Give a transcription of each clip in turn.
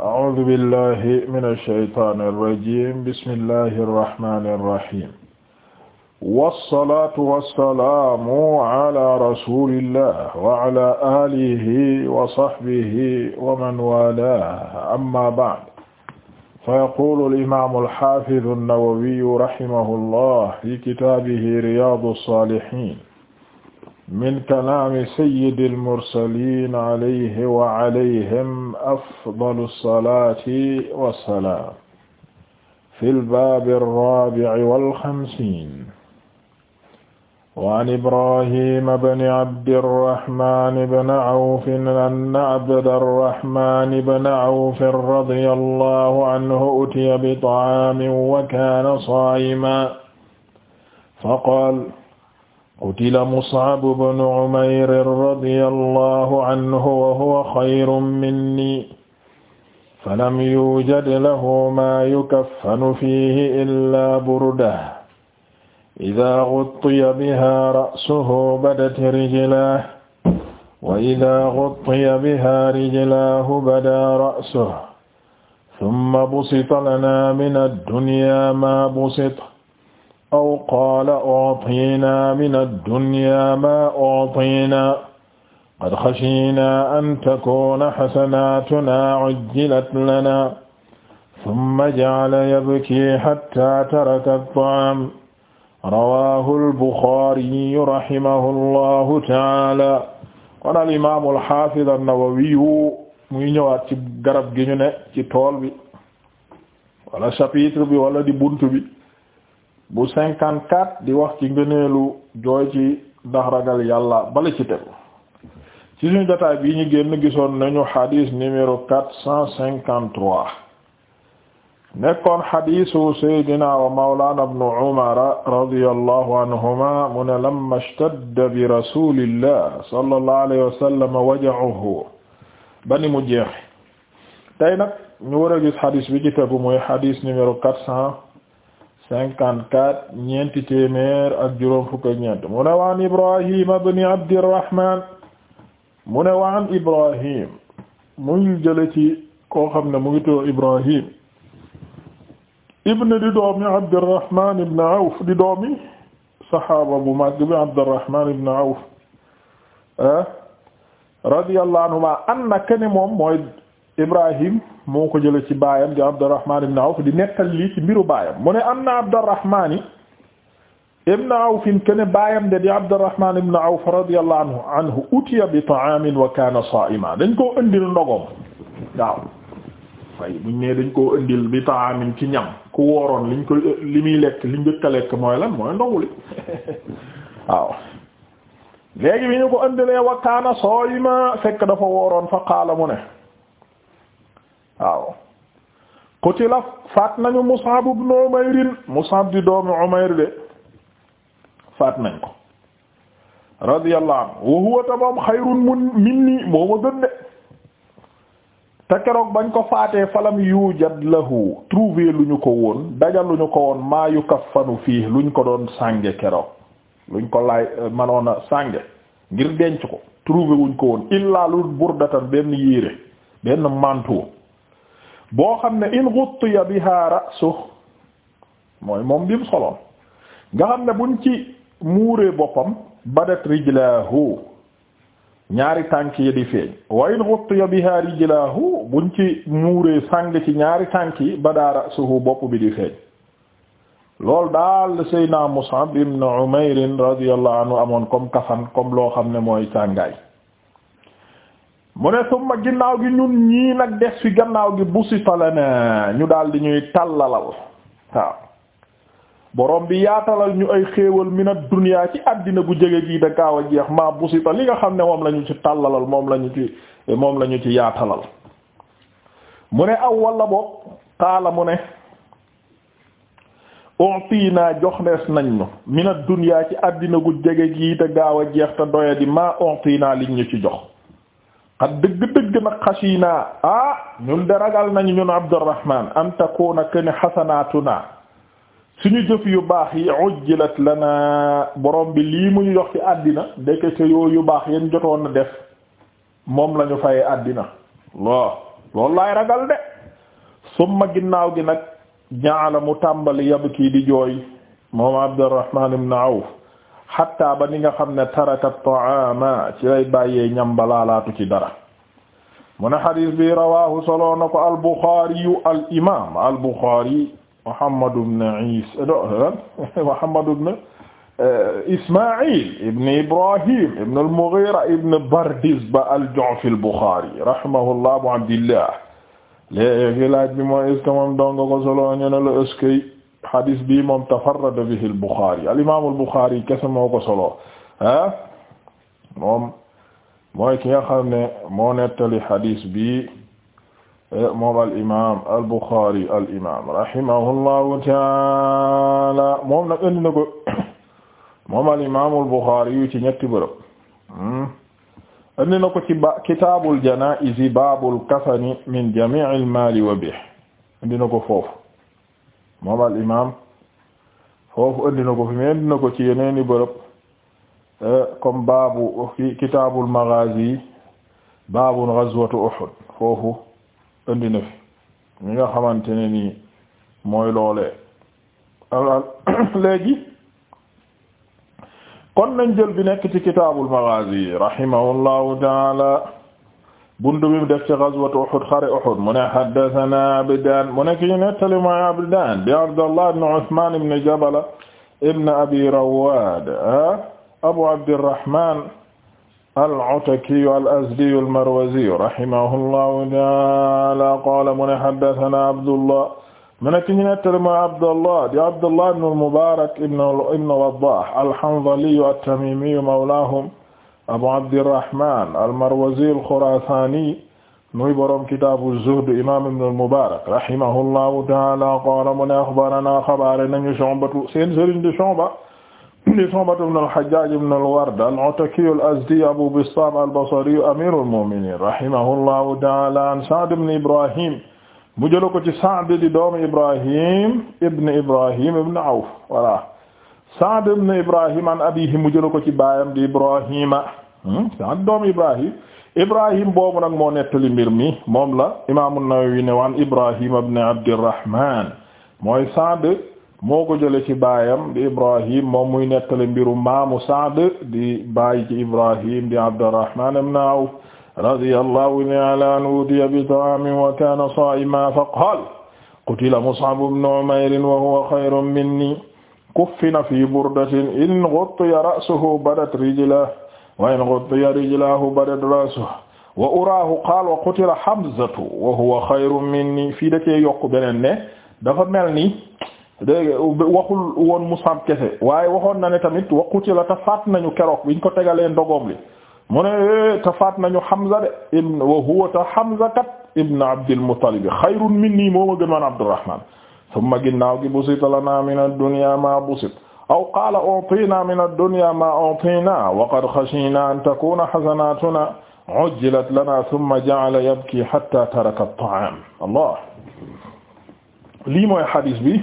أعوذ بالله من الشيطان الرجيم بسم الله الرحمن الرحيم والصلاة والسلام على رسول الله وعلى آله وصحبه ومن والاه أما بعد فيقول الإمام الحافظ النووي رحمه الله في كتابه رياض الصالحين min kalaami sayyidil mursaliin alayhi wa alayhim afdalu salaati wa salaam fil baabi raabi'i wal xamsiin. wa an Ibraahiima ibni Abdir Rahmaan ibni Awf anna Abdar Rahmaan ibni Awf radiyallaahu anhu utiya bi ta'aamin wa kaana saa'iman faqaala qutila Mus'ab ibn Umayr radiyallahu anhu wa huwa xayrun minni falam yujad lahu maa yukaffanu fiihi illaa burda idaa guttiya bihaa ra'suhu badat rijlaahu wa idaa guttiya bihaa rijlaahu badaa ra'suhu summa busita lanaa mina dunyaa maa busita aw qaala u'tiinaa mina ad-dunyaa maa u'tiinaa qad xashiinaa an takuuna xasanaatunaa cujjilat lanaa summa jacala yabkii xattaa taraka at-ta'aam rawaahu al-Buxaari rahimahu llaahu ta'aalaa qaala al-imaam al-xaafiz an-Nawawi muy ñëwaat ci garab gi ñu ne ci tool bi wala chapitre bi wala di buntu bi. bu cinquante quatre di wax ci ngëneelu jooy ndax ragal yàlla bala ci tegu ci suñu jotaay bii ñu génn gisoon nañu xadis numéro quatre cent cinquante trois nekkoon xadisu saydina wa mawlana ibnu umara radiyallahu anhuma mu ne lamma ishtadda bi rasulillah sallallahu alayhi wa sallam ba ni mu jeexe tey nag ñu gis xadis bi ci tegu mooy xadis numéro quatre cent cinquante quatre ñeenti téeméer ak juróom fukk ak ñeent mu ne waan Ibrahim ibn Abdirrahman mu ne waan Ibrahim mu ngi jële ci koo mu ngi tudd Ibrahim ibn di doomi Abdirrahman ibn Awf di doomi saxaaba bu mag ibn Awf eh, radiyallahu anhuma anna kene Ibrahim moo ko jële ci baayam di Abdurrahman ibn Awf di nettal lii ci mbiru baayam mu ne am na Abdurrahman ibn Awf kene baayam de di Abdurrahman ibn Awf radiyallahu anhu anhu utiya bi ta'amin wa kana dañ koo indil ndogom waaw fay buñ dañ koo indil bi ta'amin ci ñam ku wooroon liñ ko li muy lekk li njëkk a lekk mooy lan mooy ndogu li waaw léegi bi ñu ko indilee wa kana fekk dafa wooroon fa qaala mu ne waaw qutila faat nañu Mus'ab ibn Umayr Mus'ab di doomi Umayr de faat nañ ko radiyallahu anhu tamam xayrun mun minni moo ma gën de te keroog bañ ko faatee falam yujad lahu trouver lu ko woon dajal lu ko woon maa yukaffanu fii luñ ko doon sànge keroog luñ ko laay eh, manoon sànge ngir denc ko trouver wuñ ko woon illaa lu burdatan benn yére benn manteau boo xam ne in ghuttiya biha ra'su mooy moom bim mu soloon nga xam ne buñ ci muuree boppam badat rijlahu ñaari tànk yi di feeñ wa in ghuttiya biha rijlahu buñ ci muuree sàng ci ñaari tànk yi bada ra'suhu bopp bi di feeñ loolu daal Seydina Mus'ab ibn Umayr radiyallahu anhu amoon comme kafan comme loo xam ne mooy càngaay mu ne summa ginnaaw gi ñun ñii nag des fi gannaaw gi busita lana ñu daal di ñuy tàllalal waaw borom bi yaatalal ñu ay xéewal mi duniyaa ci àddina bu jege gi da gaaw a jeex maa li nga xam ne moom la ci tàllalal moom la ñu ci moom la ci yaatalal mu ne aw wala boog mu ne u'tina jox nees nañ ñu mina ci àddina gu jege gi te gaaw a jeex te doya di maa u'tina liñ ñu ci jox xat dëgg-dëgg nag xashiinaa ah ñun de ragal nañu ñun Abdurrahman an takuuna ken xasanaatuna suñu jëf yu baax yi ujjilat lana borom bi lii mu ñu jox ci àddina ndekete yoo yu baax yéen jotoon na def moom lañu fay àddina waaw laay ragal de summa ginnaaw gi nag jaala mu tàmbali yabkii di jooy moom Abdurrahman ibn Awf xatta ba ni nga xam ne taraka taama ci lay bàyyee ñam ba laalaatu ci dara mu ne xadis bi rawaahu solo na ko al Buxaari yu al imaam al Buxaari Muhammad ibn Isa Muhammad ibn eh, Ismaa'il ibn Ibrahim ibn al Mughira ibn Bardizba al Ju'fi al Buxaari rahimahullah Abu Abdillah léegi laaj bi mooy est-ce que moom dong ko solo ñu ne la est-ce que xadis bi moom tafarrada bihi al-Bukhari al-imam al-Bukhari kese moo ko solo ah moom mooy ki nga xam ne moo nettali xadis bi eh, moom al-imam al-Bukhari al-imam rahimahullahu taala moom nag indi na ko moom al-imam al-Bukhari yu ci ñetti bërëb hmm, indi na ko ci ba kitaabul janaa'iz baabul kafani min jami'il maali wa bihi indi na ko foofu moom al imaam foofu andi ko fi mais andi ko ci yeneen i bërëb eh, comme baabu fi kitaabul maghazi baabu ghazwatu uhud foofu andi na fi ñi nga xamante ni nii mooy loolee. léegi kon nañ jël bi nekk ci kitaabul maghazi rahimahullahu taala buntu bi mu def ci ghazwatu Uhud xare Uhud mu ne haddathana Abdaan mu ne ki ñu nettali mooy Abdaan di Abdallah ibn Usmaan ibn Jabala ibn Abi Rawwaad ah, Abu Abdirrahmaan al-Ataki al-Azdi al-Marwazi rahimahullahu ta'aala qaala mu ne haddathana Abdullah mu ne ki ñu nettali mooy Abdallah di Abdallah ibn al-Mubaarak ibn Waddaah al-Hanzali at-Tamiimi mawlaahum abu abdirrahman almarwazi alxurasani muy boroom kitaabu zuhd imam ibn al-mubarak rahimahullahu taala qaala mu ne axbarana xabaare nañu Shu'batu seen sëriñ di Shu'ba di Shu'batu ibn al-Hajjaj ibn al-Ward al-Ataki al-Azdi abu Bistaam al-Basri amiru al-mu'minin rahimahullahu taala an Sa'd ibn Ibrahim mu jël ko ci Sa'd di doomu Ibrahim ibn Ibrahim ibn Awf voilà Sa'd ibn Ibrahim an abihi mu jëla ko ci baayam di Ibrahima hmm? Sa'd doom Ibrahim Ibrahim boobu nag moo nettali mbir mi moom la imaam an-Nawawi ne waan Ibrahim ibn Abdirrahman mooy Sa'd moo ko jële ci baayam di Ibrahim moom muy nettali mbiru maamu Sa'd di baay ci Ibrahim di Abdirrahman ibn Awf radiyallahu ta'ala anhu utiya bi ta'amin wa kana sa'iman fa qala qutila Mus'ab ibn Umayr wa huwa khayrun minni kuffina fi burdatin in ghuttiya ra'suhu badat rijlahu wa in ghuttiya rijlahu badat ra'suhu wa uraahu qaal wa qutila hamzatu wa huwa xayrun minni fii da cee yokk beneen ne dafa mel ni waxul woon Musab kese waaye waxoon na ne tamit wa qutila te faat nañu keroog biñ ko tegalee ndogoom li mu ne eh, te faat nañu i de ibn wa huwa te Hamza kat ibn Abdil i xayrun minni moo ma gën man Abdurrahman summa ginnaaw gi busita lana min ad-dunya ma busit aw qaala utina min ad-dunya ma utina wa qad khashina an takuna hasanatuna ujjilat lana thumma ja'ala yabki hatta taraka at-ta'am allah lii mooy xadis bi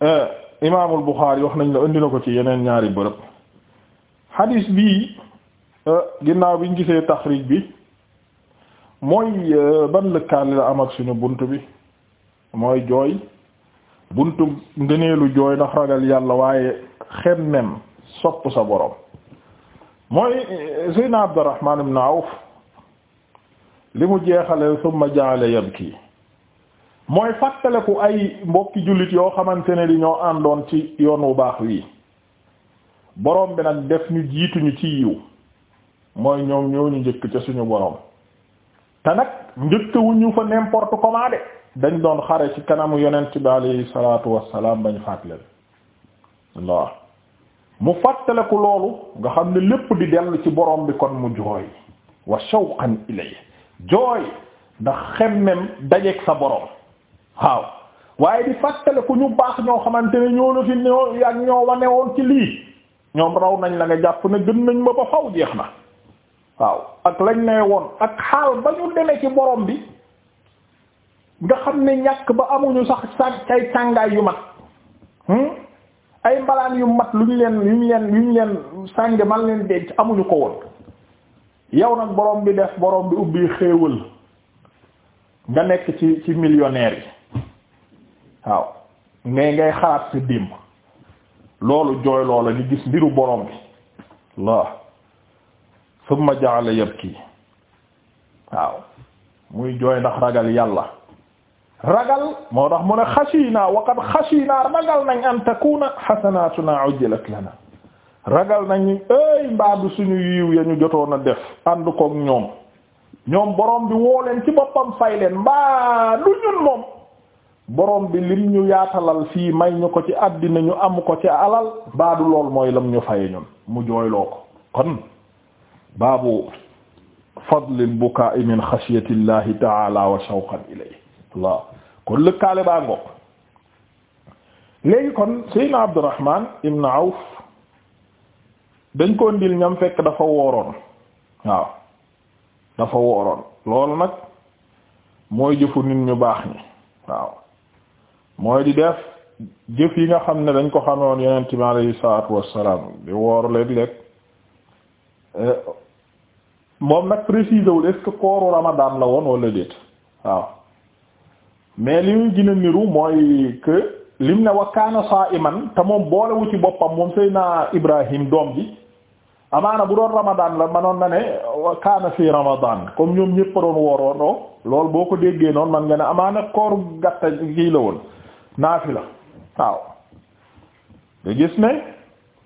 eh, imaamul Buxaari wax nañ la indi na ko ci yeneen ñaari bërëb xadis bii eh, ginnaaw biñ gisee taxriij bi mooy eh, ban lëkkaali la am ak suñu bunt bi mooy jooy buntu ngëneelu jooy ndax ragal yàlla waaye xemmem sopp sa borom mooy eh, Seydina Abdurrahman ibn Awf li mu jeexale summa ja'ala yabki mooy fàttaleku ay mbokki jullit yoo xamante ne di ñoo àndoon ci yoon wu baax wii borom bi nag def ñu jiituñu ci yiw mooy ñoom ñoo ñu njëkk ca suñu borom te nag njëkk wuñu fa n'importe comment de dañ doon xare ci kanamu yonent bi alayhi salaatu wassalaam bañ fàttali waaw mu fàttaliku loolu nga xam ne lépp di dellu ci boroom bi kon mu jooy wa shawqan ilay jooy ndax xemmem dajeek sa boroom waaw waaye di ku ñu baax ñoo xamante ne ñoo la fi ñoo ak ñoo wane woon ci lii ñoom raw nañ la nga jàpp ne gën nañ ma ba faw jeex na waaw ak lañ ne woon ak xaal ba ñu demee ci borom bi nga xam ne ñàkk ba amuñu sax sa ay càngaay yu mat hmm? ay mbalaan yu mat lu ñu leen yu ñu leen yu ñu leen sànge man leen denc amuñu ko woon yow nag borom bi def borom bi ubbi xéewal nga nekk ci ci millionnaire yi waaw ngay ngay xalaat sa démb loolu jooy loola ni gis mbiru borom bi laa thumma ja'ala yabki waaw muy jooy ndax ragal yàlla ragal moo tax mu ne xashiina wa qad xashiina ragal nañ an takuna xasanaatuna ujjilat lana ragal nañ ay mbaadu suñu yiw ya ñu jotoon a def ànd koog ñoom ñoom borom bi woo leen ci boppam fay leen mbaa ñun moom borom bi lim ñu yaatalal fii may ñu ko ci àddina ñu am ko ci alal mbaa lool mooy lam ñu faye ñun mu jooyloo ko kon baabu fadlil bukaa'i min xashyati llahi ta'ala wa shawqan ilayhi kon lëkkaale baa ngoog léegi kon Seydina Abdurrahman ibn Awf dañ ko ndil ñam fekk dafa wooroon waaw dafa wooroon loolu nag mooy jëfu nit ñu baax ñi waaw mooy di def jëf yi nga xam ne dañ ko xamoon Yonent bi alayhi salaatu wassalaam di woor léeg-léeg eh, moom nag préciser wul est kooru Ramadan la woon wala déet waaw mais li muy gën a niru mooy que lim ne wa kaana saa'iman te moom boolewu ci boppam moom Seydina Ibrahim doom bi amaana bu doon Ramadan la manoon na ne wa kaana fii comme ñoom ñëpp a doon wooroonoo loolu boo ko déggee noonu man nga ne amaana kooru gàtta kii la woon naafila waaw nga gis ne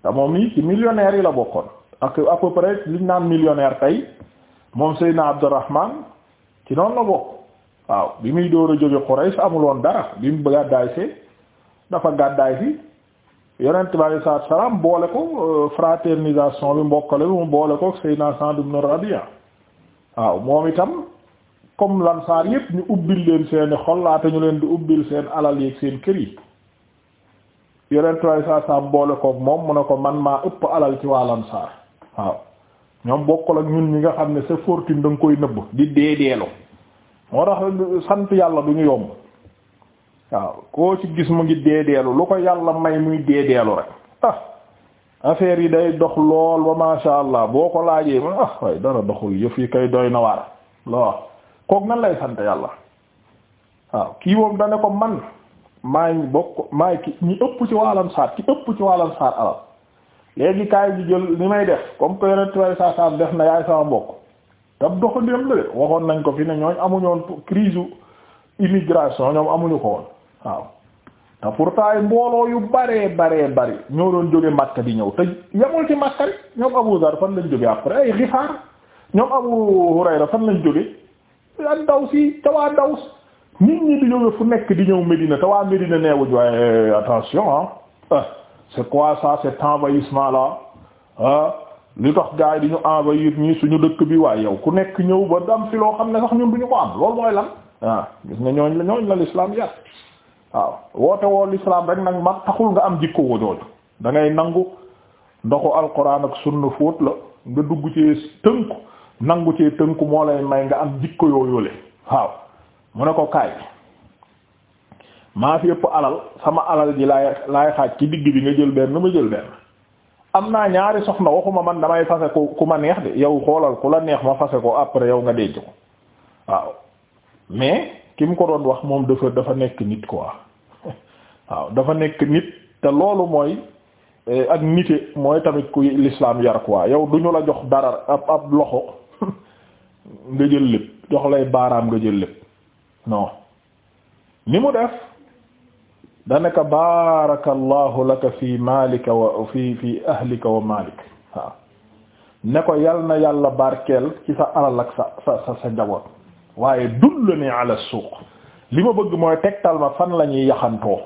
te moom yi ci millionnaire yi la bokkoon. ak à liñ naan millionnaire tey moom Seydina Abdurrahman ci noonu la bokk waaw bi muy door a jóge Quraysh amul woon dara bi mu gàddaay see dafa gàddaay si yonent bi alayhi salaatu wa salaam boole ko euh, fraternisation bi mbokkale bi mu boole ko Seydina Sa'd ibn Rabi'a waaw moom itam comme lansaar yépp ñu ubbil leen seeni xol laata ñu leen di ubbil seen alal yeeg seen kër yi yonent bi alayhi salaatu boole koog moom mu ne ko man maa ëpp alal ci waa lansaar waaw ñoom bokkul ak ñun ñi nga xam ne sa fortune da koy nëbb di dee moo tax sant yàlla du ñu yomb waaw koo ci gis mu ngi dee deelu lu ko yàlla may muy dee rek ah affaire yi day dox lool ba masha allah boo ko laajee mu ah waaye dara doxul yëf yi kay doy na waar lool kook nan lay sant yàlla waaw kii moom da ne ko man maay bokk maay ki ñi ëpp ci waalan saar ki ëpp ci waalan saar alal léegi kaay bi jël ni may def comme que yonent way saa saam def na yaay sama mbokk tam doxandéem de waxoon nañ ko fi ne ñooñ amuñoon crise immigration ñoom amuñu ko woon waaw te pourtant ay mbooloo yu baree baree bari ñoo doon jóge Makka di ñëw te yamul ci Makka rek ñoom Abu Zar fan ñoom Abu Hurayra fan lañ jóge ak daw si te waa daws nit ñi di jóge fu nekk di ñëw Medina te waa Medina neewuj waaye attention ah c'est quoi ça cet envahissement là ah li tax gars yi di ñu envahir ñii suñu dëkk bi waaye yow ku nekk ñëw ba dam fi loo xam ne sax ñun du ko am loolu mooy lan ah gis nga ñooñ la ñooñ la l'islam yar waaw woote woo l'islam rek nag ma taxul nga am jikkoo woo jooju da ngay nangu ndoxu alquran ak sunna fóot la nga dugg ci tënku nangu ci tënku moo lay may nga am jikko yooyule waaw mu ne ko kaay maa fi ëpp alal sama alal ji laay laay xaaj ci digg bi nga jël benn ma jël benn am naa ñaari soxna waxuma man damay fase ko ku ma neex de yow xoolal ku la neex ma fase ko après yow nga denc ko waaw mais ki mu ko doon wax moom dafa dafa nekk nit quoi waaw dafa nekk nit te loolu mooy eh, ak nite mooy tamit ku l'islam yar quoi yow du ñu la jox dara ab ab loxo nga jël lépp jox lay baaraam nga jël lépp non ni mu def. danaka baarakallahu laka fi maalika wa fi fi ahlika wa maalik waaw ne ko yal na yàlla barkeel ci sa alal ak sa sa sa njaboot waaye dullani ala suuq li ma bëgg mooy tegtal ma fan la ñuy yaxantoo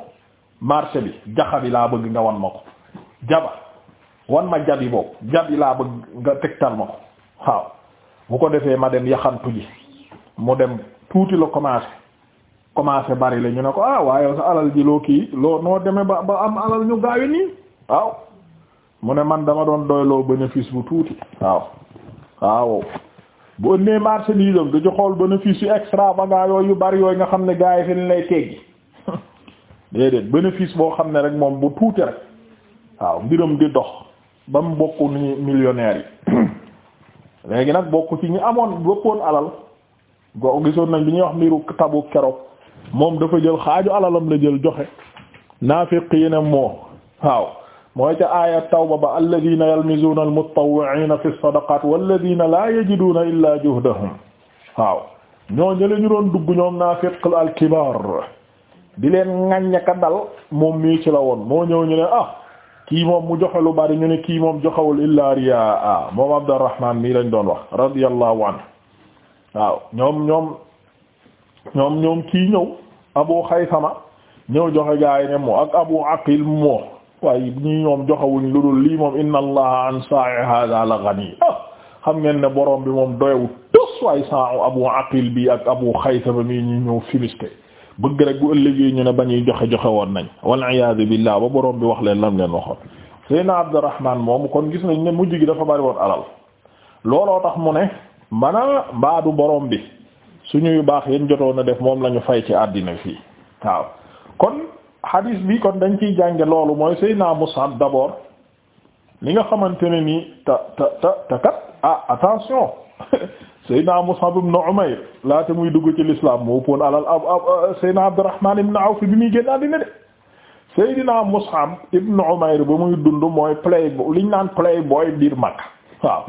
marché bi jaxa bi laa bëgg nga wan ma ko jaba wan ma jabi boobu jabi laa bëgg nga tegtal ma ko waaw bu ko defee ma dem yaxantu ji mu dem tuuti la commencé commencé bari la ñu ne ko ah waaye sa alal ji loo kii loo noo demee ba ba am alal ñu gaawe nii waaw mu ne man dama doon doyloo bénéfice bu tuuti waaw waaw bu ënnee marché lii dam xool bénéfice yu extravagant yooyu yu bari yooyu nga xam ne gars yi fi lay teggi déedéet bénéfice boo xam ne rek moom bu tuuti rek waaw mbiram di dox ba mu bokk ni millionnaires yi léegi nag bokk ci ñi amoon bokkoon alal go gisoon nañ bi ñuy wax mbiru tabu keroog moom dafa jël xaaju alalam la jël joxe naafiqi ne moo waaw mooy ca aaya tawba ba alladina yalmizuuna almutawwi'ina fi sadaqat walladina laa yajiduuna illaa juhdahum waaw ñoo ñële ñu doon dugg ñoom naafiq alkibar di leen ŋàññaka dal moom mii ci la moo ñëw ñu ne ah moom mu joxe lu bari ñu ne kii moom joxewul illaa riyaa moom abdurrahman mii lañ doon wax radiyallahu anhu waaw ñoom ñoom ñoom ñoom kii ñëw abu xaytama ñëw joxe gaay ne moo ak abu aqil moo waaye ñii ñoom joxewuñ lu dul lii moom inna allaha an sa'i hadha la ah, xam ngeen ne borom bi moom doyewul tos waaye sa'u abu aqil bi ak abu xaysama mii ñu ñëw filisté bëgg rek bu ëllëgee ñu ne ba ñuy joxe joxe woon nañ wal iyaadu billah ba borom bi wax leen lam leen waxoon seyna abdurrahman moomu kon gis nañ ne mujj gi dafa bari woon alal looloo tax mu ne mana mbaadu borom bi suñu yu baax yéen jotoon a def moom la ñu fay ci àddina fii waaw kon hadis bi kon dañ ciy jànge loolu mooy Seydina Mus'ab d'abord li nga xamante ne nii ta ta ta ta kat ah attention Seydina Mus'ab ibn Umayr laata muy dugg ci l'islam mu ëppoon alal ab ab Seydina Abdurrahman ibn Awf bi muy génn àddina de Seydina Mus'ab ibn Umayr ba muy dund mooy playboy liñ naan booy biir Makka waaw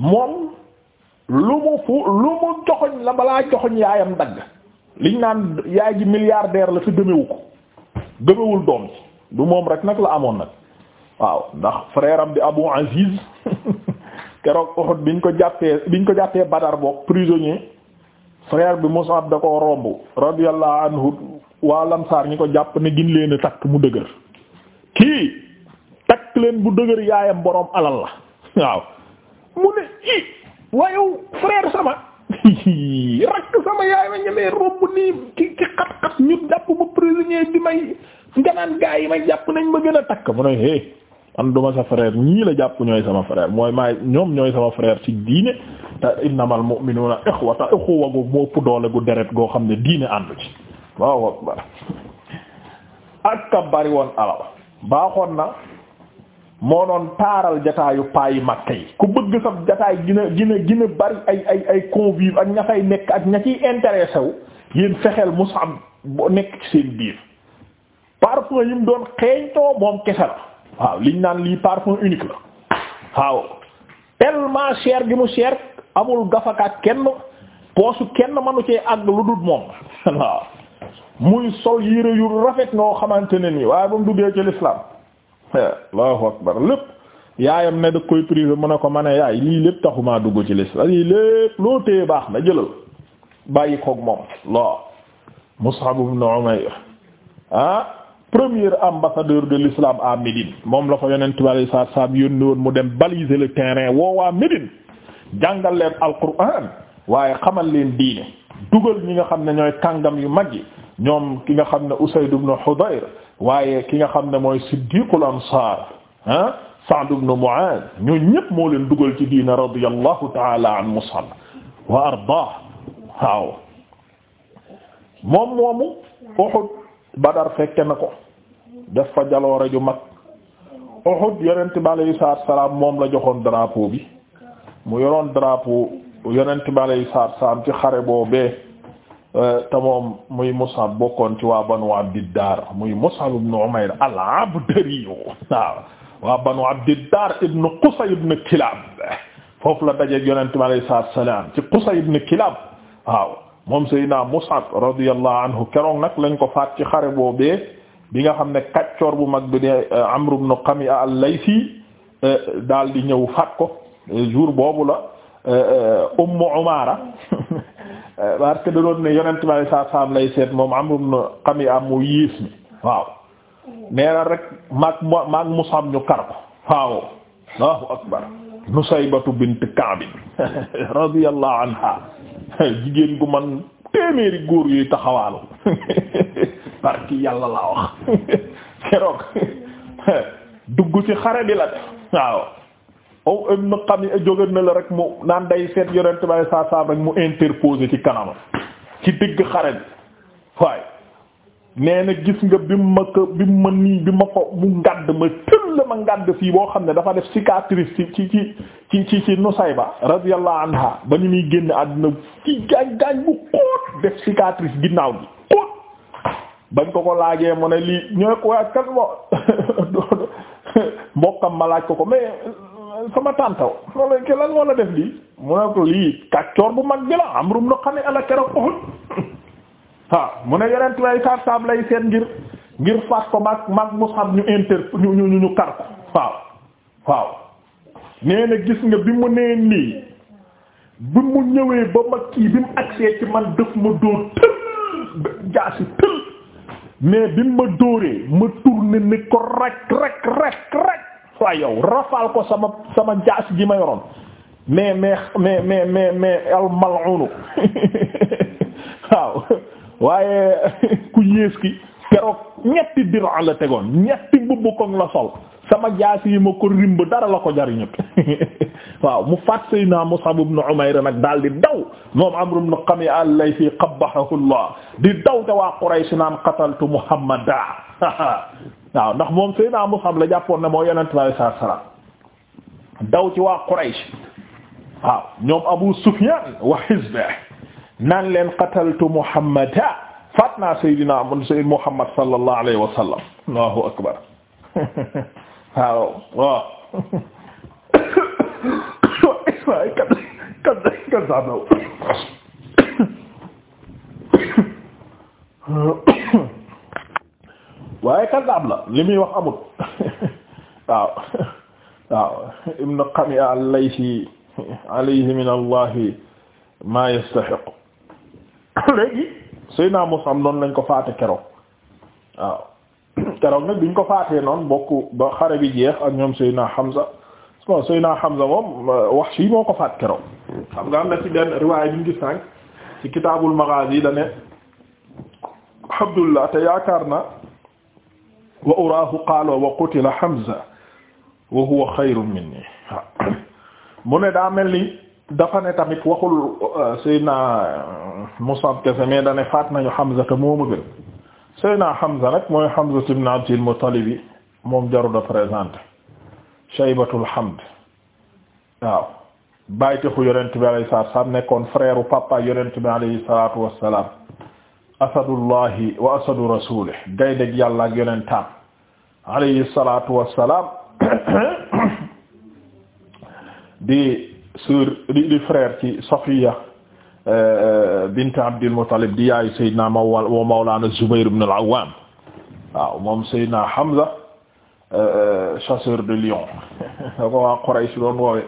moom. lu mu fu lu mu joxoñ la balaa joxoñ yaayam dagg liñ naan yaay ji milliardaire la fi gëmewu ko gëmewul doom ci du moom rek nag la amoon nag waaw ndax frère am di Abu Aziz keroog Uhud biñ ko jàppee biñ ko jàppee Badar boog prisonnier frère bi Mus'ab da ko romb radiyallahu anhu waa lamsaar ñi ko jàpp ne gin leen takk mu dëgër kii takk leen bu dëgër yaayam boroom alal la waaw mu ne i wayow frère sama rakk sama yaay ma ñemee romb nii ci ci xat-xat ñu jàpp ma prisonnier bi may nganaan gaa yi may jàpp nañ ma gën a takk mu ne hé man duma sa frère ñii la jàpp ñooy sama frère mooy maay ñoom ñooy sama frère ci diine te innamal mu'minuna ikhwata ikhwa gu moo ëpp doole gu deret goo xam ne diine àndu ci waaw ak bari woon alaw baaxoon na moo doon taaral jataayu paayi Makka yi ku bëgg sab jataay gina gina gina bari ay ay ay convive ak ña fay nekk ak ña ciy intéressé wu yéen fexeel Mus'ab boo nekk ci seen biir parfum yi mu doon xeeñtoo moom kese la waaw liñ naan lii parfum unique la waaw tellement cher gi mu cher amul gafakaat kenn poosu kenn manu cee àgg lu dul moom waaw muy sol yére yu rafet ngoo xamante ne nii waaye ba mu duggee ci l'islam Allahu akbar lépp yaayam ne da koy privé mu ne ko ma ne yaay lii lépp taxumaa dugg ci lislam lii lépp loo téye baax na jëlal bàyyi kook moom loo Mus'ab ibn Umayr ah premier ambassadeur de l'islam à Médine moom la ko yonent bi alayhi salaatu salaam woon mu dem baliser le terrain woo waa Médine jàngal leen Alquran waaye xamal leen diine dugal ñi nga xam ne ñooy kàngam yu mag yi ñoom ki nga xam ne Usayd ibn Hudayr waaye ki nga xam ne mooy siddiqul ansaar ah Sa'd ibn Mu'aaz ñoo ñëpp moo leen dugal ci diina radiyallahu ta'ala an Mus'ab wa ardaah waaw moom moomu Uhud Badar fekke na ko def fa jaloore ju mag Uhud yonent bi alayhi salaatu moom la joxoon drapeau bi mu yoroon drapeau yonent bi alayhi salaatu salaam ci xare boobee Euh, te moom muy Mus'ab bokkoon ci waa Banu Abdiddaar muy Mus'ab ibn Umayr al-Abdari waaw waa Banu Abdiddaar ibn Qusay ibn Kilab foofu la dajeeg Yonent bi alayhi salaatu salaam ci Qusay ibn Kilab waaw moom Seydina Mus'ab radiyallahu anhu keroog nag lañ ko faat ci xare boobee bi nga xam ne kaccoor bu mag bi de euh, Amr ibn Qami'a al-Laythi euh, daal di ñëw faat ko jour boobu la Ummu Umaara Euh, parce que da doon ne yonent bi saa saam lay seet moom amul na xam am yiis mi waaw neena rek maag maag Musab ñu kar ko waaw Allahu akbar Nusaybatu bint Ka'b radiyallahu anha jigéen gu man téeméeri góor yuy taxawaalu barki yàlla laa wax keroog dugg ci xare bi la def waaw aw ibn Qami'a e jógan na la rek mu naan day seet yonent bay saa saam rek mu interposer ci kanamam ci digg xare bi waaye nee na gis nga bi ma ko bi ma nii bi ma ko mu ngàdd ma tëll ma ngàdd fii boo xam ne dafa def cicatrice ci ci ci ci ci ci Nusayba radiyallahu anha ba ñu muy génn àddina ci gaañ gaañ bu xóot def cicatrice ginnaaw bi xóot bañ ko ko laajee mu ne lii ñooy ko waa kan mo mbokkam ma laaj ko ko mais sama tàntaw loolu ke lan moo la def lii mu ne ko lii kàccoor bu mag bi la am rum no xam ne ala keroog Uhud waaw mu ne yeneen lay saab lay seet ngir ngir faat ko mag mag Musab ñu inter ñu ñu ñu kar ko waaw waaw nee gis nga bi mu nee nii bi mu ñëwee ba ma kii bi mu agsee ci man def ma dóor tël jaasi tël mais bi ma dóoree ma tourné ni ko rek rek rek waa yow rafaal ko sama sama jaas ji ma yoroon mais mais mais mais mais mais al waaw waaye ku yées ki keroog ñetti dira la tegoon ñetti bubb koŋ la sol sama jaas yi ma ko rimb dara la ko jariñut waaw mu faat sayna Mus'ab ibn Umayr nag daal di daw moom Amr ibn Qami'a al-Laythi qabbahahu di daw te waa Quraysh naan qataltu Muhammada waaw ndax moom Seydina Mus'ab la jàppoon ne moo yonent bi saa salaam daw ci waa Quraysh waaw ñoom Abu Sufyan wa hizbihi naan leen qataltu Muhammada faat naa Seydina Seydina Muhammad sallallahu alayhi wa sallam Allahu akbar waaw waaw waaw waaye kazaab la li muy wax amut waaw waaw ibnu Qami'a al-Laythi alayhi min allah ma yastahiq léegi Seydina Mus'ab noonu lañ ko faate keroog waaw keroog nag biñ ko faatee noonu bokk ba xare bi jeex ak ñoom Seydina Hamza bon Seydina Hamza moom euh, Wahshi moo ko faat keroog xam nga am na ci benn riwaay bi ñu gis sànq ci kitaabul Maghazi da ne te yaakaar na wa uraahu qaala wa qutila Hamza wa huwa xayrun minni mu ne daa mel ni dafa ne tamit waxul euh, Seydina euh, Musab kese mais da ne faat nañu Hamza te moo ma gën Hamza nag mooy Hamza ibn Abdil Muttalib yi moom jarul a présenté Shaybatul Hamd waaw bàyyi taxu Yonent bi alayhi salaatu wa salaam nekkoon frère u papa Yonent bi alayhi salaatu asadullahi wa asadu rasulih gaynde yàlla ak yonentam alayhi salatu wassalam di sœur di di frère ci Safiya euh, euh, bint Abdil Muttalib di yaayu Seydina Mawla wa Mawlana Zubayr ibn al-Awwam waaw moom Seydina Hamza euh, chasseur de lion da ko waa Quraysh doon woowe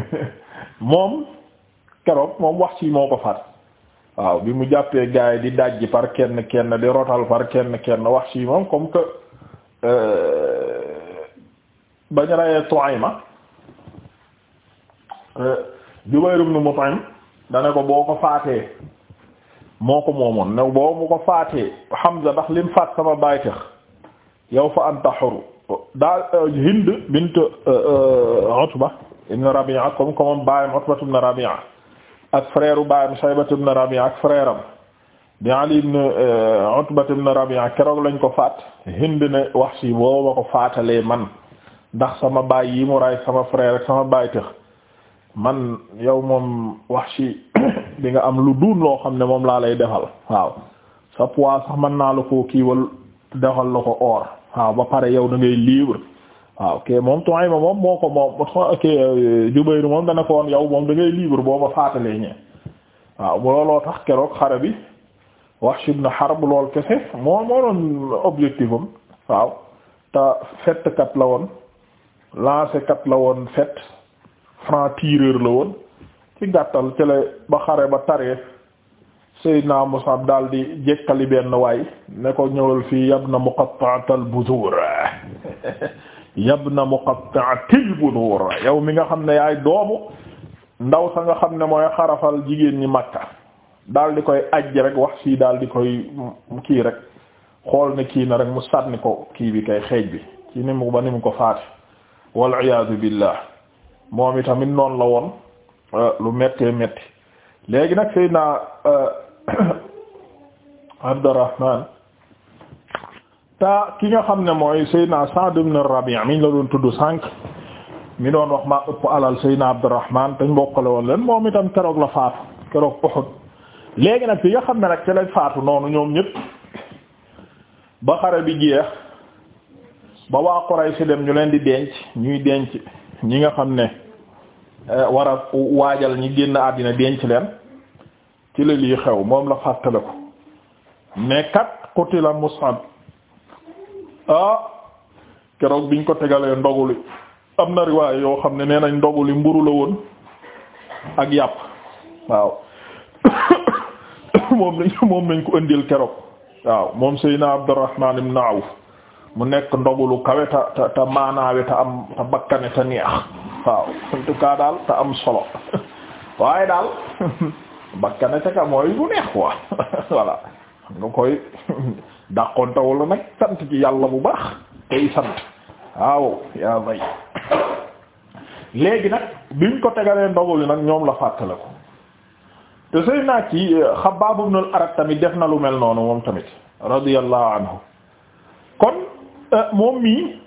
moom keroog moom wax ci moo ko faat waaw bi mu jàppee gars yi di dajji par kenn kenn di rotal par kenn kenn wax ci moom comme que euh, bañ rayee Tuayma euh, Jubayr ibn Mut'im dane ko boo ko faatee moo ko moomoon ne boo ko faatee Hamza ndax lim faat sama baay tax yow fa anta xuru daal euh, Hind bint Rabi'a comme comme baayam Rabi'a ak frère baayam Shaybatu ibn Rabi'a ak frère am bi Ali ibn euh, Utbatu ibn Rabi'a keroog lañ ko faat Hind ne Wahshi boobu ko faatalee man ndax sama baay yi mu ray sama frère rek sama baay tëx man yow moom Wahshi di nga am lu duun loo xam ne moom laa lay defal waaw sa poids sax mën naa la ko kiiwal defal la ko or waaw ba pare yow da ngay libre waaw ah, ke moom tuwaay moom moo ko moom ke euh, Jubayr moom dana ko woon yow moom dangay ngay libre boo ma faatalee ñe waaw looloo tax keroog xare bi na ibn Harb lool kese moo moo doon objectif am waaw te fettkat la woon lancekat la woon fett franc-tireur la woon ci gàttal ci ba xare ba taree Seydina Musab daal di jekkali benn waay ne ko ñëwal fii yab na muqatta'atal budur yabna muqatta'atil budur yow mi nga xam ne yaay doomu ndaw sa nga xam ne mooy xarafal jigéen ñi Makka daal di koy ajj rek wax sii daal di koy kii rek xool ne kii na rek mu sànni ko kii bi kay xeej bi ci ni mu ba ni mu ko faate wal iyaadu billah moom itamit noonu la woon euh, lu méttee metti léegi nag Seydina euh, Abdurrahman ta ki nga xam ne mooy Seydina Sa'd ibn Rabi' mi ñu la doon tudd sànq mi doon wax maa ëpp alal naa Seydina Abdurrahman te ñu bokkale woon leen moom itam keroog la faatu keroog Uhud léegi nag ki nga xam ne nag ca lañ faatu noonu ñoom ñëpp ba xare bi jeex ba waa Quraysh dem ñu leen di denc ñuy denc ñi nga xam ne eh, war a waajal ñi génn àddina denc leen ci la lii xew moom la fàttale ko mais kat qutila Mus'ab ah keroog biñ ko tegalee ndoguli am na riwaay yoo xam ne nee nañ ndoguli mburu la woon ak yàpp waaw moom lañ ko indil keroog waaw moom Seydina Abdurrahman ibn naaw mu nekk ndogulu kawe ta ta ta maanaawe ta am ta bakkane neex waaw en tout cas daal ta am solo waaye daal bakkane ta ka mooy bu neex quoi voilà nga koy dàqonte wala nag sant ci yàlla bu baax tey sant waaw yaa bay léegi nag biñ ko tegalee ndogu li nag ñoom la fàttale ko te sëy naa ci eh, Xabbaab ibn al tamit def na lu mel noonu moom tamit radiyallahu anhu kon eh, moom mii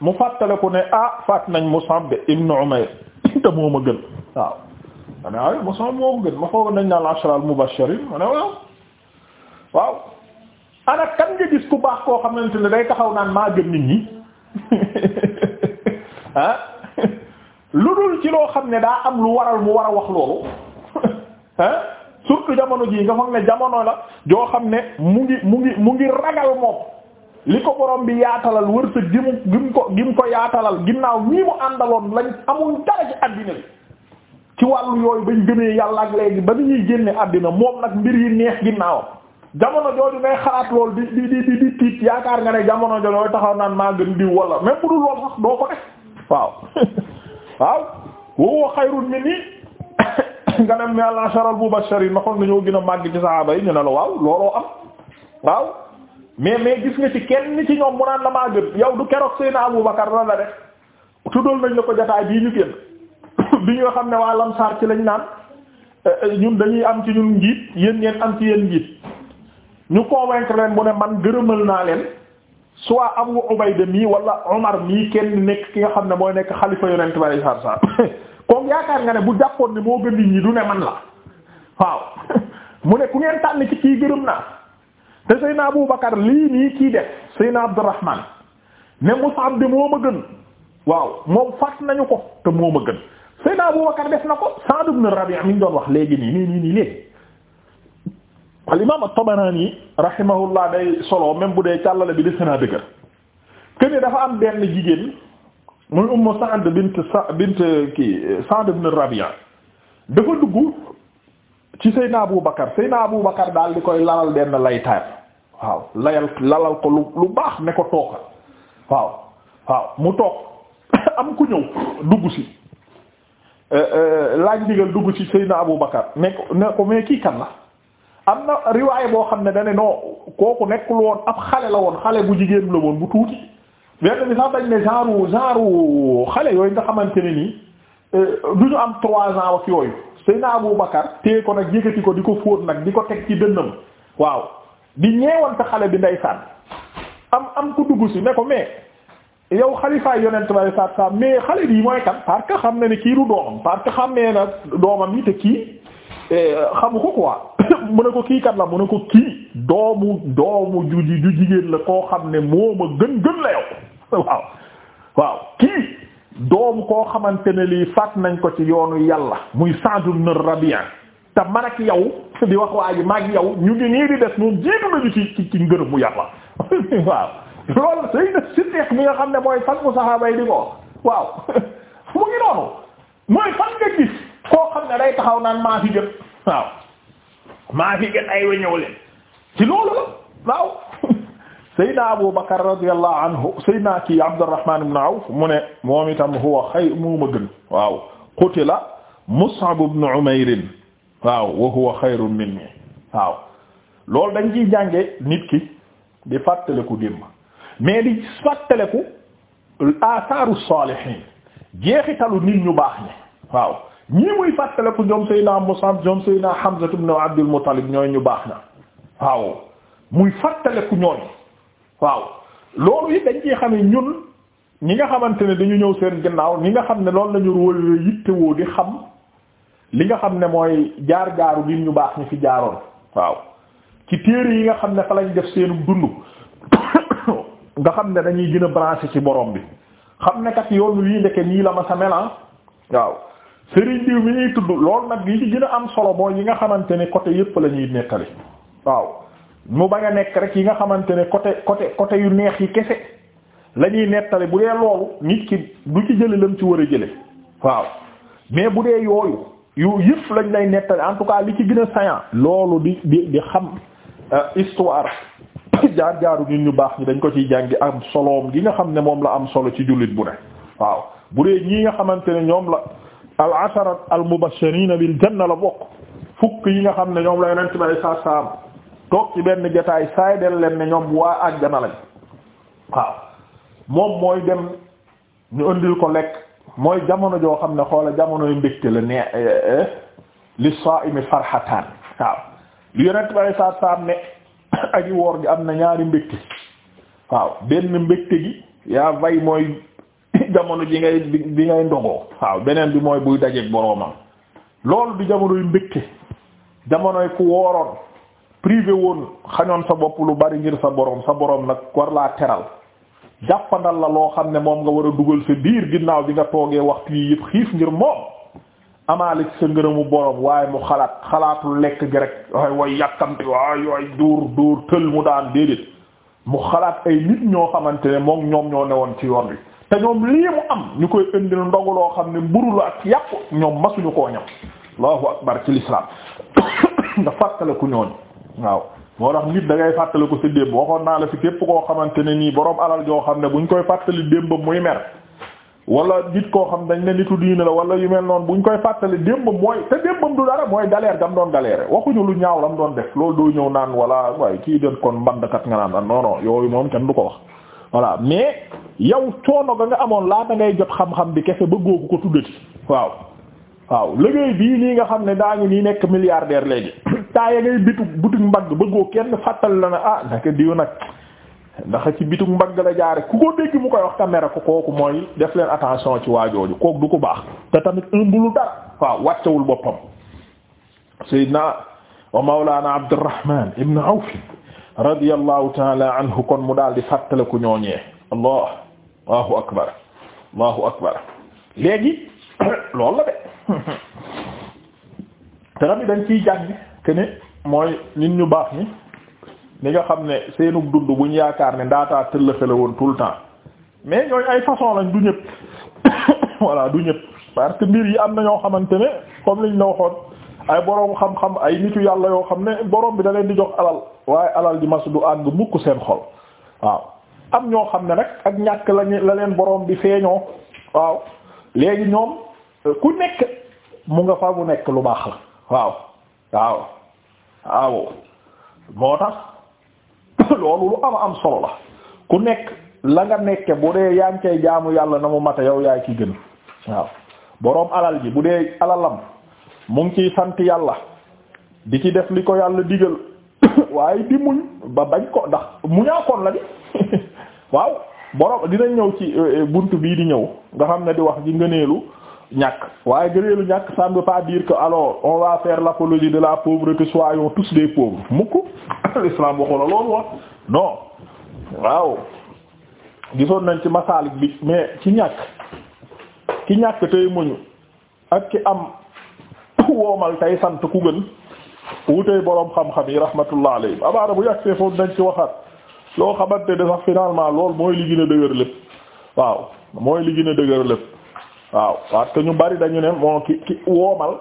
mu fàttale ko ne ah faat nañ Mus'ab ibn Umayr te moom a gën waaw ma ne waaye ah, Mus'ab gën ma foogoon nañ naa al-ashra al ma ne waaw waaw ana kan nga gis ku baax koo xamante ne day taxaw naan maa gën nit ñi ah lu dul ci loo xam ne daa am lu waral mu war a wax loolu ah surtout jamono jii nga foog ne jamono la joo xam ne mu ngi mu ngi mu ngi ragal moom li ko borom bi yaatalal wërsëg gi mu gi mu ko gi mu ko yaatalal ginnaaw ñii mu àndaloon lañ amul dara ci àddina bi ci wàllu yooyu bañ gënee yàlla ak léegi ba ni ñuy génne àddina moom nag mbir yi neex ginnaawam jamono jooju ngay xalaat lool di di di di tiit yaakaar nga ne jamono jooju taxaw naan maa gën diw wala même bu dul lool sax doo ko def waaw waaw woo mi minni nga dem ne Allah sharal mubashirin na xool nañoo gën a màgg ci saxaaba yi ñu ne la waaw looloo am waaw mais mais gis nga ci kenn ci ñoom mu naan la maa gën yow du keroog seen Abu Bakar la la def tuddal nañ la ko jotaay bii ñu génn bi ñoo xam ne waa Lamsaar ci lañ naan eh, eh, ñun dañuy am ci ñun njiit yéen ngeen am ci ñu convaincre leen bu ne man gërëmal naa leen soit Abu Ubayda mii wala Omar mii kenn nekk ki nga xam ne mooy nekk xalifa yonent bi sallallahu alayhi wasallam kon yaakaar nga ne bu jàppoon ne moo gën nit ñi du ne man la waaw mu ne ku ngeen tànn ci kii gërëm naa te Seydina Abu Bakar lii nii kii def Seydina Abdurrahman ne Mus'ab de moo ma gën waaw moom fàtt nañu ko te moo ma gën Seydina Abu Bakar def na ko Sa'd ibn Rabi' mi ñu doon wax léegi nii al imaam at-Tabarani rahimahullah day solo même bu dee càllale bi des naa dëgër kenn dafa am benn jigéen muy Ummu Sa'd bint sa bint kii Sa'd ibn Rabi'a dafa dugg ci Seydina Abu Bakar Seydina Abu Bakar daal di koy lalal benn laytaat waaw layal lalal ko lu lu baax ne ko toogal waaw waaw mu toog am ku ñëw dugg si euh, euh, laaj ndigal dugg ci Seydina Abu Bakar ne ko ne ko mais kii la. am na riwaay boo xam ne da ne kooku nekkul woon ab xale la woon xale bu jigéen la moon bu tuuti benn bi sax dañ ne genre genre xale yooyu nga xamante ne nii euh, du ñu am trois ans ak yooyu Seydina Abu Bakar téye ko nag yëkkati ko di ko fóot nag di ko teg ci dënnam waaw di ñeewante xale bi ndeysaan am am ku dugg si ne ko mais yow xalifaay yonent ba saat saat mais xale bii mooy kan parce que xam na ne kii du doomam parce que xam ne na doomam yi te kii Eh, xamu ko quoi mu ne ko kii kat la mu ne ko kii doomu doomu ju ju jigéen la koo xam ne moom a gën gën la yow waaw waaw kii doomu koo xamante ne lii faat nañ ko ci yoonu yàlla muy Sa'd ibn Rabi'a te man ak yow di wax waa ji maag yow ñu ngi nii di des moom jiitu nañu ci ci ci ngërëm bu yàlla waaw loolu Sayyid Siddiq mi nga xam ne mooy fan mu saxaaba di ko waaw mu ngi noonu mooy fan nga gis. koo xam ne day taxaw naan maa fi gën waaw maa fi gën ay weñëw leen ci loolu la waaw saydna Abu Bakar radiyallahu anhu saydna kii Abdurrahman ibn Awf mu ne moom itam huwa xay moo ma gën waaw qutila Mus'ab ibn Umayr waaw wa huwa xayrun minni waaw loolu dañ ciy jànge nit ki di fàttaleku démb mais di fàttaleku saalihiin jeexitalu nit ñu baax ñi ñii muy fàttaliku ñoom Seydina Musab ñoom Seydina Hamza ibn Abdul Muttalib ñooy ñu baax na waaw muy fàttaliku ñooñ waaw loolu yi dañ ciy xam ne ñun ñi nga xamante ne dañu ñëw seen ginnaaw ñi nga xam ne loolu lañu wóolu yittewoo di xam li nga xam ne mooy jaar-jaaru bi ñu baax ñu fi jaaroon waaw ci téere yi nga xam ne fa lañ def seenu dund nga xam ne dañuy gën a branché ci borom bi xam ne yoon wi ndeke nii la ma sa melan ah. waaw sëriñ diw mi ñuy tudd loolu nag yi ci gën a am solo mooy yi nga xamante ne côté yëpp la ñuy nettali waaw mu bañ a nekk rek yi nga xamante ne côté côté côté yu neex yi kese la ñuy nettali bu dee loolu nit ki du ci jële ci war a jële waaw mais bu dee yooyu yu yëpp lañ lay nettali en tout cas li ci gin a sañaa loolu di di di xam euh, histoire jaar jaaru nit ñu baax ñi dañ ko ciy jàngi am soloom gi nga xam ne moom la am solo ci jullit bu ne waaw bu dee ñii nga xamante ne ñoom la al ashara al mubashirina bil janna la bokk fukk yi nga xam ne ñoom la yonent bi sallallahu alayhi wasallam toog ci benn jotaay saay del leen ne ñoom waa àjjana lañ waaw moom mooy dem ñu indil ko lekk mooy jamono joo xam ne xoola jamonoy mbégte la ne eh, eh, li saa'imi farxataan waaw li yonent bi sallallahu alayhi wasallam ne aji woor gi am na ñaari mbégte waaw benn mbégte gi yaa vay mooy jamono ji ngay bi ngay ndogoo waaw beneen bi mooy buy dajeek boroomam loolu di jamonoy mbégte jamonoy ku wooroon privé woon xañoon sa bopp lu bari ngir sa boroom sa boroom nag war laa teral jàppandal la loo xam ne moom nga war a dugal sa biir ginnaaw bi nga toogee waxtu yi yëpp xiif ngir moom amaalik sa ngërëmu boroom waaye mu xalaat xalaatul lekk gi rek waay way yàkkamti waay waay dóor dóor tël mu daan déedéet mu xalaat ay nit ñoo xamante ne moom ñoom ñoo ci yoon wi te ñoom lii mu am ñu koy indil ndogu loo xam ne mburu la ak yàpp ñoom masuñu koo ñam allahu akbar ci l'islam nga fàttaliku ñooñu waaw moo tax nit da ngay ko ci démb waxoon naa la fi képp koo xamante ne nii boroom alal joo xam ne bu buñ koy fàttali démbam muy mer wala nit koo xam dañ ne nitu diina la wala yu mel noonu buñ koy fàttali démbam mooy te démbam du dara mooy galère gam doon galère waxuñu lu ñaaw la lam doon def loolu doo ñëw naan wala waaye kii doon kon mbandkat nga naan yooyu moom kenn du ko wax voilà mais yow coono ga nga amoon laata ngay jot xam-xam bi kefe bëggoo ko ko tuddati waaw waaw liggéey bii nii nga xam ne daa ngi nii nekk milliardaire léegi taaya ngay bitu bitu mbagg bëggoo kenn fàttali la ne ah naka diw nag ndax ci bitu mbagg la jaare ku ko dégg mu koy wax caméra ko kooku mooy def leen attention ci waajooju kooku du ko baax te tamit ëmbulu dara waaw wàccewul boppam sayyidna wa mawlana abdurrahman ibn awf radiyallahu taala anhu kon mu daal di fàttaliku ñooñee allah allahu akbar allahu akbar léegi loolu la de te tamit dañ ciy jàng que mooy nit ñu baax ni ni nga xam ne seenu dund bu yaakaar ne ndaataa tëllëxale woon tout le temps mais ñooy ay façon lañ du ñëpp voilà du ñëpp parce que mbir yi am na ñoo xamante ne comme lañ la waxoon ay boroom xam-xam ay nitu yàlla yoo xam ne boroom bi da leen di jox alal waaye alal ji mas du àgg mukk seen xol waaw am ñoo xam ne nag ak ñàkk lañu la leen boroom bi feeñoo waaw léegi ñoom euh, ku nekk mu nga fa mu nekk lu baax la waaw waaw waaw moo tax loolu lu am am solo la ku nekk la nga nekke bu dee yaa ngi cay jaamu yàlla na mu mate yow yaay ki gën waaw boroom alal ji bu dee alalam mu ngi ciy sant yàlla di ci def li ko yàlla digal waaye di muñ ba bañ ko ndax muñaakoon la di waaw borom dinañ ñëw ci euh, euh, buntu bii di ñëw nga xam ne di wax gi ngëneelu ñàkk waaye ngëneelu ñàkk ça ne veut pas dire que alors on va faire l'apologie de la pauvreté soyons tous des pauvres mukk l'islam waxu la loolu wax non waaw gisoon nañ ci masaalik bi mais ci ñàkk ki ñàkk tey muñ ak ki am woomal tey sant ku gën wutey boroom xam-xam yi rahmatullah alayhi abaara bu yàgsee foofu dañ ci waxaat loo xamante ne sax finalement loolu mooy li gën a dëgër lépp waaw mooy li gën a dëgër lépp waaw parce que ñu bari dañu ne moo ki ki woomal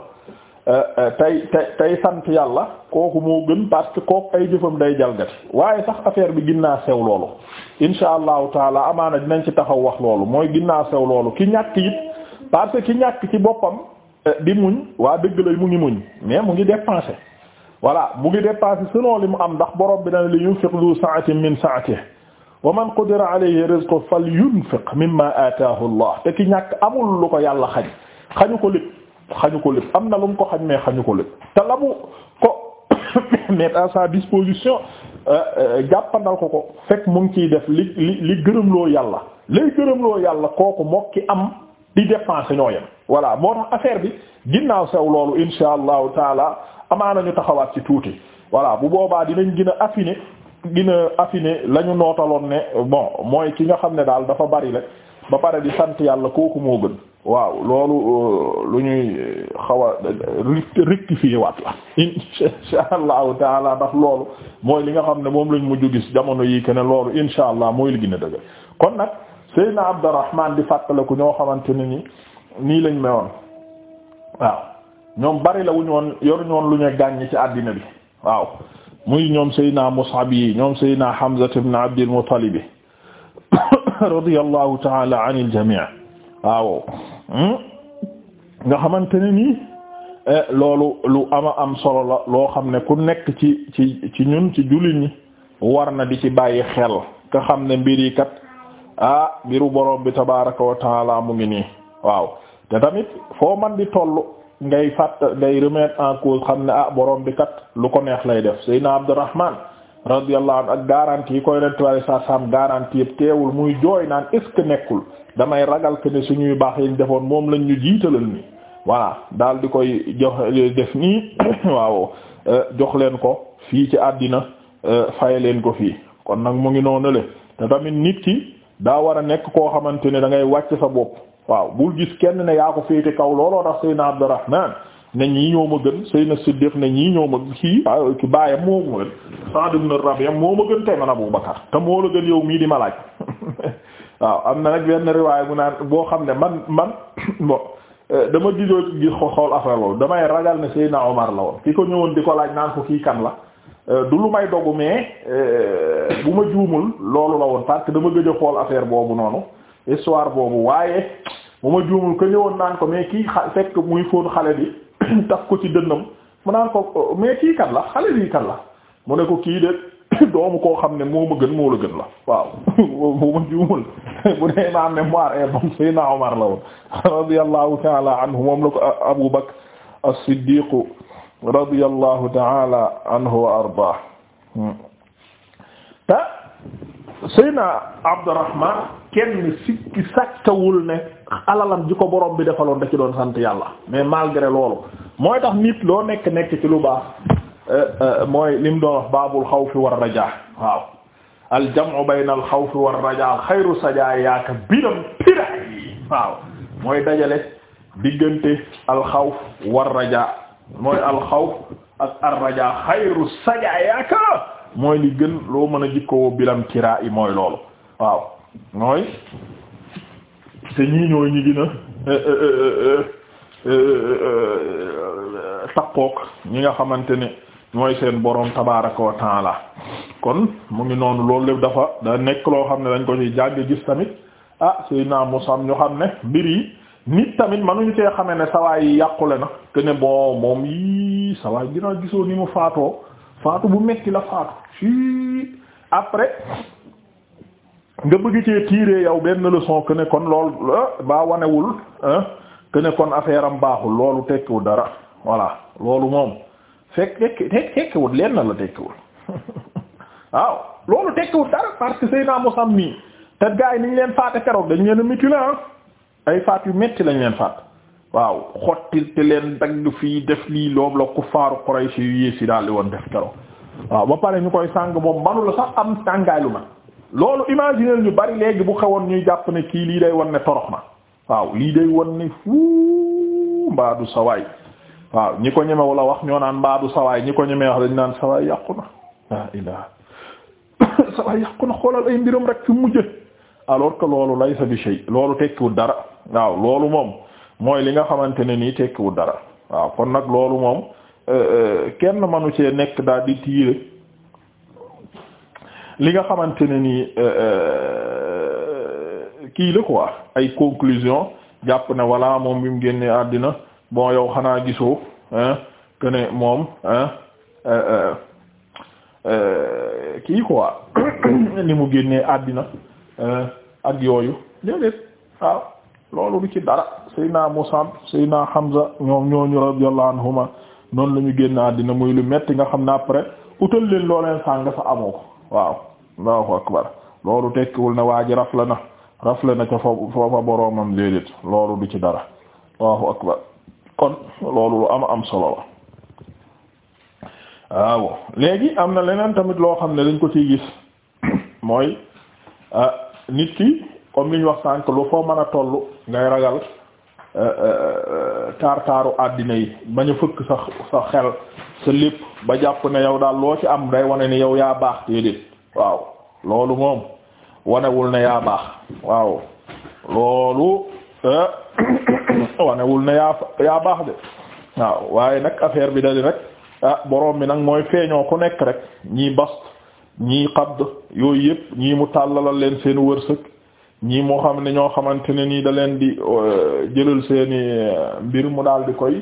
euh, euh, tey tey tey sant yàlla kooku moo gën parce que kooku ay jëfam day jalgati waaye sax affaire bi ginnaa sew loolu insha allahu taala amaana dinañ ci taxaw wax loolu mooy naa sew loolu ki ñàkk it parce que ci boppam Euh, di muñ waa dëgg lay mu ngi muñ mais mu ngi dépensé voilà mu ngi dépensé selon li mu am ndax borom bi dana li yunfiq du sa'atin min sa'atihi wa man qudira alayhi rizquhu falyunfiq mimma ataahu Allah te ki ñàkk amul lu ko yàlla xañ xañu ko lépp xañu ko lépp am na lu mu ko xañ mais xañu ko lépp te la mu ko mettre à sa disposition euh, euh, jàppandal ko ko fekk mu ngi ciy def li li li gërëmloo yàlla lay gërëmloo yàlla kooku mokki am li dépenser ñoo yem voilà moo tax affaire bi ginnaaw sew loolu insha allahu taala amaana ñu taxawaat ci tuuti voilà bu boobaa dinañ gën a affiner gën a la ñu nootaloon ne bon mooy ki nga xam ne daal dafa bari la ba pare di sant yàlla kooku moo gën waaw loolu euh, lu ñuy euh, xaw a euh, rectifier waat la insha allahu taala ndax loolu mooy li nga xam ne moom lañ mujj gis jamono yii que ne loolu insha allah mooy li gën a dëgg kon nag Seydina Abdurrahman di fàttaliku ñoo xamante ne ni nii lañ mewoon waaw ñoom bari la wuñu woon yoruñu lu ñu gàññ ci àddina bi waaw muy ñoom Seydina Mus'ab yi ñoom Seydina Hamza ibn Abdil Muttalib radiyallahu ta'ala anil jami' waaw hmm? nga xamante ne nii eh, loolu lu ama am solo la loo xam ne ku nekk ci ci ci ñun ci jullit ñi war na di ci bàyyi xel nga xam ne mbir kat ah biru borom bi tabaraka wa taala mu ngi nii waaw te tamit foo man di toll ngay fàtt ngay remettre en cause xam ne ah borom bi kat lu ko neex lay def Seydina Abdurrahman radiyallahu anhu ak garantie yi koy retwari sa sam garantie yëpp teewul muy jooy naan est ce que nekkul damay ragal que ne suñuy baax yi defoon moom lañ ñu jiitalal nii voilà daal di koy jox def nii waaw euh, jox leen ko fii ci àddina euh, fay leen ko fii kon nag mu ngi noonu le te tamit nit ki daa war a nekk koo xamante ne dangay wàcc sa bopp waaw bul gis kenn ne yaa ko féete kaw looloo tax Seydina Abdurrahman ne ñii ñoo ma gën Seydina Siddiq ne ñii ñoo ma kii ci baayam moo ma gën Sa'd ibn Rabi'a moo ma gën tey man Abu Bakar te moo la gën yow mii di ma laaj waaw am na nag benn riwaay bu naan boo xam ne man man bon euh, dama gisoo gis xool affaire loolu damay ragal ne Seydina Omar la woon ki ko ñëwoon di ko laaj naan ko kii kan la Euh, du lu may dogu mais euh, bu ma juumul loolu la woon parce que dama gëj xool affaire boobu noonu histoire boobu waaye bu ma juumul que ñëwoon naan ko mais kii xa fekk muy fóon xale bi taf ko ci dënnam mu naan ko euh, mais kii kat la xale bi kat la mu ne ko kii de doomu koo xam ne moo ma gën moo la gën la waaw bu ma juumul bu dee ma am mémoire et eh, bon Seydina Omar la woon radiyallahu ta'ala anhu moom la ko Abu Bakr as-Siddiq radiyallahu taala anhu wa ardaah hmm. te Seydina Abdurrahman kenn sikki sàkkawul alalam ji ko borom bi defaloon da ci doon sant yàlla mais malgré loolu mooy tax nit loo nekk nekk ci lu baax eh, eh, mooy lim doon wax baabul xawfi war rajaa waaw al jam'u bayna al xawfi war rajaa xayru sajaayaaka biram piraay waaw mooy dajale diggante al xawf war mooy alxawf ak arraja xayru saja yaakaar mooy li gën loo mën a jikkoo bilam kiraa yi mooy loolu waaw mooy te ñii ñooy ñi gën a eh, eh, eh, takkook ñi nga xamante ne mooy seen boroom tabaaraka wa taala kon mu ngi noonu loolu lépp dafa da nekk loo xam ne dañ ko ci jàng gis tamit ah Seydina Musa ñu xam ne mbir yi nit tamit mënuñu cee xamee ne sawaay yi yàqule na que ne moom yii sawaay ginnaaw gisoo ni mu faatoo faatu bu metti la faatu fii après nga bëgg cee tirer yow benn leçon que kon lool baa wanewul que ne kon affaire baaxul loolu tekkiwul dara voilà loolu moom fekk tekk tekkiwul lenn la tekkiwul waaw loolu tekkiwul dara parce que Seydina Musammi te gaa yi niñ leen faate keroog dañ leen a mutilé ay faat yu metti lañ leen faat waaw xottil te leen dagg fii def lii loobu la kuffaaru Quraysh yu yées yi daal di woon def keroog waaw ba pare ñu koy sàng moom manu la sax am tàngaay lu man loolu imaginer ñu bari léegi bu xewoon ñuy jàpp ne kii lii day won ne torox na waaw lii day won ne fuu mbaadu sawaay waaw ñi ko ñemewu la wax ñoo naan mbaadu sawaay ñi ko ñemee wax naan sawaay yàqu na la ilaha sawaay yàqu na xoolal ay mbiram rek fi mujje alors que loolu laysa bi shay loolu tekkiwul dara waaw loolu moom mooy li nga xamante ne nii tekkiwul dara waaw kon nag loolu moom euh, euh, kenn manu cee nekk daal di tiire li nga xamante ne nii euh, kii la quoi ay conclusion jàpp na walla moom bi mu génnee àddina moo yow xanaa gisoo que ne moom kii quoi ni mu génnee àddina Euh, ak yooyu déedéet waaw loolu du ci dara Seydina Musab Seydina Hamza ñoom ñooñu radiyallahu anhuma noonu la ñu génn àddina muy lu metti nga xam ne après utal leen looleen sàng sa amoo ko waaw Allahu akbar loolu tekkiwul ne waa ji la na raf la na ca foofa boroomam déedéet loolu du ci dara Allahu akbar kon loolu lu am am solo la waaw léegi am na leneen tamit loo xam ne dañ ko ciy gis mooy euh, nit ki comme li ñu wax sànk lu foo mën a toll ngay ragal euh, euh, taar taaru àddina yi bañ a fëkk sa xel sa lépp ba jàpp na yow daal loo ci am day wane ni yow yaa baax déedéet waaw loolu moom wanewul na yaa baax waaw loolu euh, wanewul ne yaa baax de waaw waaye nag affaire bi da di rek ah bi nag mooy feeñoo ku nekk rek ñii bast ñii xadd yooyu yëpp ñii mu tàllalal leen seen wërsëg ñii moo xam ne ñoo xamante ne nii da leen di euh, jëlal seeni euh, mbir mu daal di koy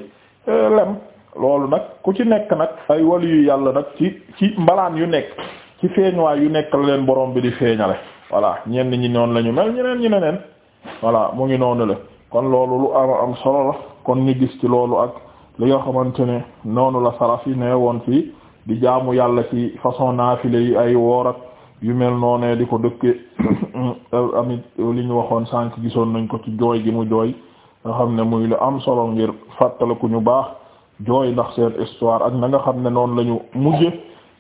euh, lem loolu nag ku ci nekk nag ay wali yu yàlla nag ci ci mbalaan yu nekk ci feeñ feeñuwaay yu nekk la leen borom bi di feeñale voilà ñenn ñi noonu la mel ñeneen ñi neneen voilà mu ngi noonu la kon loolu lu am am solo la kon ñu gis ci loolu ak li nga xamante ne noonu la saraf yi ne woon fii di jaamu yàlla ci façon naafile yi ay woor yu mel noonee di ko dëkkee amit li ñu waxoon sànq gisoon nañ ko ci jooy gi mu jooy nga xam ne muy lu am solo ngir fàttaliku ñu baax jooy ndax seen histoire ak na nga xam ne noonu lañu ñu mujje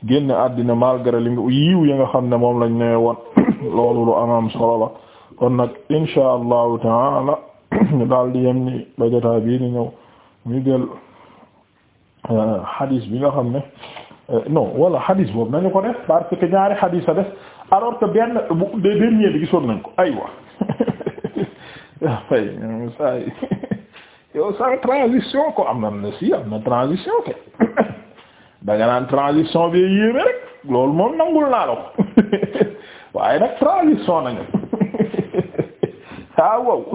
génn àddina malgré li yiw ya nga xam ne moom lañ nee woon loolu lu amam solo la kon nag insha allahu taala ñu daal di yem ni bajataa bii ñëw ñu jël xadiis euh, bi nga xam ne Euh, non wala xadis boobu nañu ko def parce que ñaari xadis a def alors que benn bu de dernier bi gisoon nañ ko aywa waaw fay saa yi transition ko am na ne si am na transition te da transition bi yéeme rek loolu moom nangul naa la waaye nag transition nañu ah wow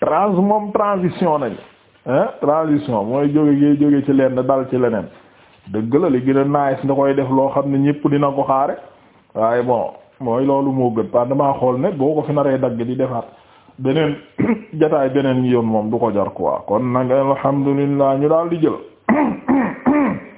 trans moom transition nañu ah transition mooy jóge ngay jóge ci lenn dal ci leneen. dëgg la li gën nice nga koy def loo xam ne ñépp dina ko xaare waaye bon mooy loolu moo gën parce damaa xool ne boo ko fi naree dagg di defaat beneen jataay beneen yoon moom du ko jar quoi kon nag alhamdulillah ñu daal di jël